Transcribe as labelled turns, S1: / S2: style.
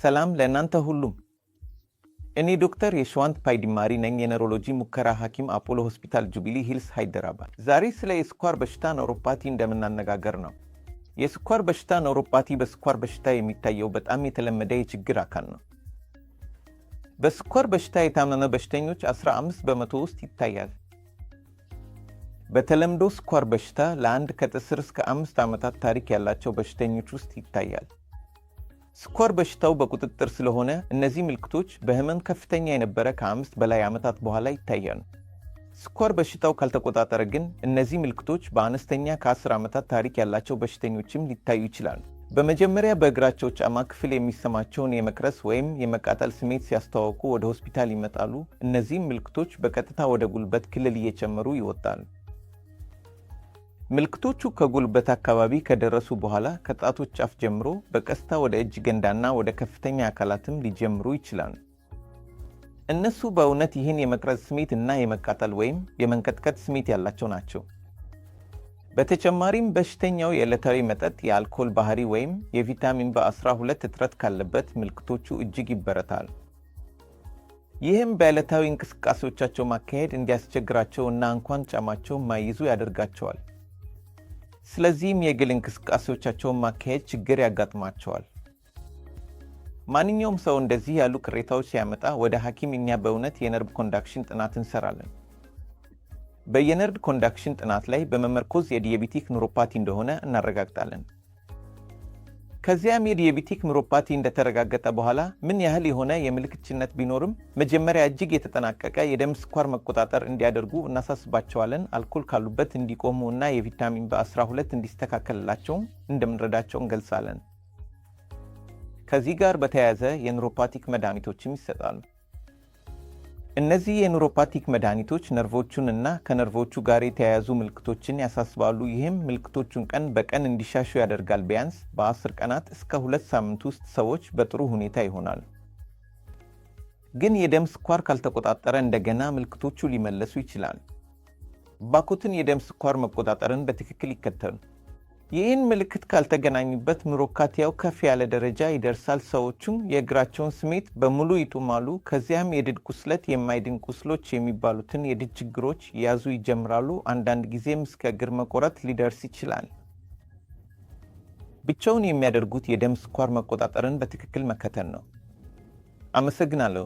S1: ሰላም ለእናንተ ሁሉም። እኔ ዶክተር የሸዋንት ፓይዲማሪ ነኝ፣ የነሮሎጂ ሙከራ ሐኪም አፖሎ ሆስፒታል ጁቢሊ ሂልስ ሃይደራባድ። ዛሬ ስለ የስኳር በሽታ ኖሮፓቲ እንደምናነጋገር ነው። የስኳር በሽታ ኖሮፓቲ በስኳር በሽታ የሚታየው በጣም የተለመደ የችግር አካል ነው። በስኳር በሽታ የታመመ በሽተኞች 15 በመቶ ውስጥ ይታያል። በተለምዶ ስኳር በሽታ ለአንድ ከአስር እስከ አምስት ዓመታት ታሪክ ያላቸው በሽተኞች ውስጥ ይታያል። ስኳር በሽታው በቁጥጥር ስለሆነ እነዚህ ምልክቶች በህመም ከፍተኛ የነበረ ከአምስት በላይ ዓመታት በኋላ ይታያሉ። ስኳር በሽታው ካልተቆጣጠረ ግን እነዚህ ምልክቶች በአነስተኛ ከ10 ዓመታት ታሪክ ያላቸው በሽተኞችም ሊታዩ ይችላሉ። በመጀመሪያ በእግራቸው ጫማ ክፍል የሚሰማቸውን የመቅረስ ወይም የመቃጠል ስሜት ሲያስተዋውቁ ወደ ሆስፒታል ይመጣሉ። እነዚህም ምልክቶች በቀጥታ ወደ ጉልበት ክልል እየጨመሩ ይወጣሉ። ምልክቶቹ ከጉልበት አካባቢ ከደረሱ በኋላ ከጣቶች ጫፍ ጀምሮ በቀስታ ወደ እጅ ገንዳና ወደ ከፍተኛ አካላትም ሊጀምሩ ይችላሉ። እነሱ በእውነት ይህን የመቅረጽ ስሜት እና የመቃጠል ወይም የመንቀጥቀጥ ስሜት ያላቸው ናቸው። በተጨማሪም በሽተኛው የዕለታዊ መጠጥ፣ የአልኮል ባህሪ ወይም የቪታሚን በ12 እጥረት ካለበት ምልክቶቹ እጅግ ይበረታል። ይህም በዕለታዊ እንቅስቃሴዎቻቸው ማካሄድ እንዲያስቸግራቸው እና እንኳን ጫማቸው ማይዙ ያደርጋቸዋል። ስለዚህም የግል እንቅስቃሴዎቻቸውን ማካሄድ ችግር ያጋጥማቸዋል። ማንኛውም ሰው እንደዚህ ያሉ ቅሬታዎች ሲያመጣ ወደ ሐኪም እኛ በእውነት የነርቭ ኮንዳክሽን ጥናት እንሰራለን። በየነርቭ ኮንዳክሽን ጥናት ላይ በመመርኮዝ የዲያቤቲክ ኑሮፓቲ እንደሆነ እናረጋግጣለን። ከዚያም የዲያቤቲክ ምሮፓቲ እንደተረጋገጠ በኋላ ምን ያህል የሆነ የምልክችነት ቢኖርም መጀመሪያ እጅግ የተጠናቀቀ የደም ስኳር መቆጣጠር እንዲያደርጉ እናሳስባቸዋለን። አልኮል ካሉበት እንዲቆሙ እና የቪታሚን በ12 እንዲስተካከልላቸውም እንደምንረዳቸው እንገልጻለን። ከዚህ ጋር በተያያዘ የኑሮፓቲክ መድኃኒቶችም ይሰጣሉ። እነዚህ የኑሮፓቲክ መድኃኒቶች ነርቮቹን እና ከነርቮቹ ጋር የተያያዙ ምልክቶችን ያሳስባሉ። ይህም ምልክቶቹን ቀን በቀን እንዲሻሹ ያደርጋል። ቢያንስ በ10 ቀናት እስከ ሁለት ሳምንት ውስጥ ሰዎች በጥሩ ሁኔታ ይሆናል። ግን የደም ስኳር ካልተቆጣጠረ እንደገና ምልክቶቹ ሊመለሱ ይችላል። ባኮትን የደም ስኳር መቆጣጠርን በትክክል ይከተሉ። ይህን ምልክት ካልተገናኙበት ምሮካቲያው ከፍ ያለ ደረጃ ይደርሳል። ሰዎቹም የእግራቸውን ስሜት በሙሉ ይጡማሉ። ከዚያም የድድ ቁስለት፣ የማይድን ቁስሎች የሚባሉትን የድድ ችግሮች ያዙ ይጀምራሉ። አንዳንድ ጊዜም እስከ እግር መቆረጥ ሊደርስ ይችላል። ብቻውን የሚያደርጉት የደም ስኳር መቆጣጠርን በትክክል መከተል ነው። አመሰግናለሁ።